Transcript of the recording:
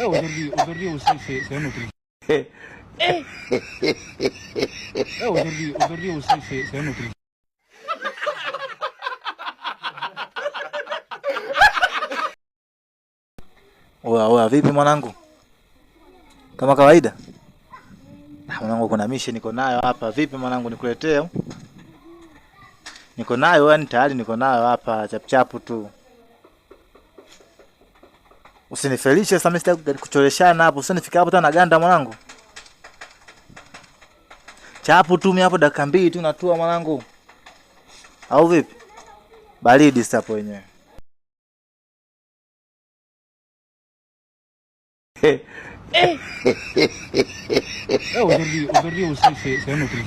aujourd'hui, eh, aujourd'hui aussi, c'est eh, eh, un autre jour. aujourd'hui, aujourd'hui aussi, c'est un autre jour. Oa, oa, vipi mwanangu? Kama kawaida? Ah, mwanangu kuna mishi niko nayo hapa. Vipi mwanangu nikuletee? Niko nayo yani tayari niko nayo hapa chapchapu tu. Usinifelishe sasa, mimi sitaki kuchoreshana hapo. Usinifika hapo tena ganda mwanangu. Chapu tu mimi hapo dakika mbili tu natua mwanangu. Au vipi? Baridi sasa hapo wenyewe. Eh. Eh, Eh. Eh. Eh. Eh.